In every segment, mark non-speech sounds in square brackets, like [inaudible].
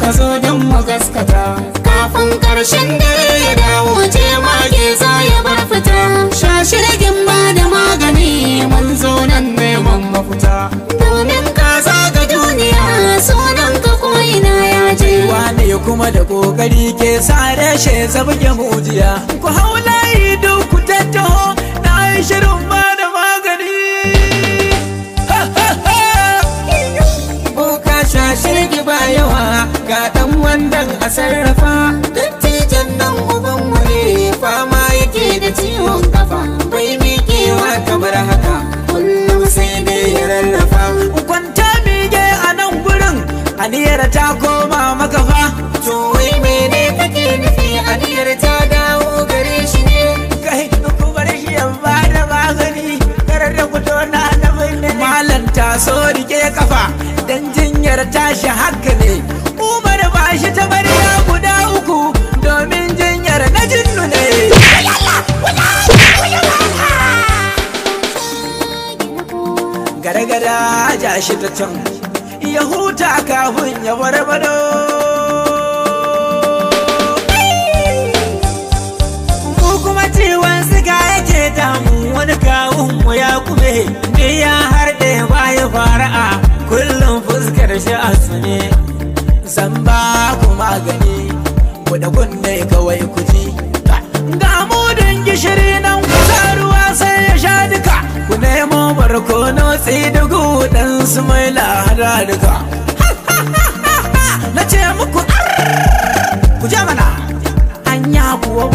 ka zo don mu gaskata kafin karshen dare ya dawo ce mage za ya bar fita shashirgin ba da magani mun zo nan neman mafita domin ka zaga duniya sunan ka ko'ina ya je wane kuma da kokari ke sa reshe zabge mujiya ku hau layi duk ku tattaho na shirin ba da magani ka shashirgi ba yawa ga dan wandan a sarrafa dattijan nan uban wuri fama yake da ciwon kafa bai miƙewa kamar haka kullum sai dai ya rarrafa kwanta mige a nan gurin aniyar ta ko tashi haka ne umar ba shi ta ya guda uku domin jinyar na jinnu ne gargada ja shi ta can ya huta kafin ya barbado kuma ciwon siga yake damu wani kawun mu ya kume ya har sai a tsane zan ba ku magani kuɗa kunne kawai ku ji ga mudin gishiri nan kusa ruwa sai ya sha duka ku nemo barkono tsidugu dan su mai lahara duka [laughs] na ce muku ku an ya kuwa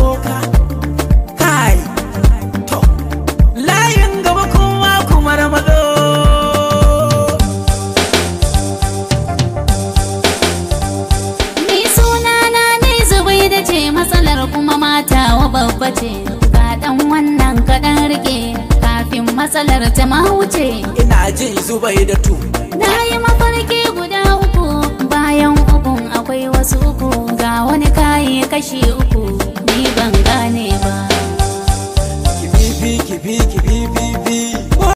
babbace ga dan wannan kaɗan rike kafin matsalar ta ma wuce ina jin zubai da tu na yi mafarki guda uku bayan ukun akwai wasu uku ga wani kayi kashi uku ni ban gane ba kibibi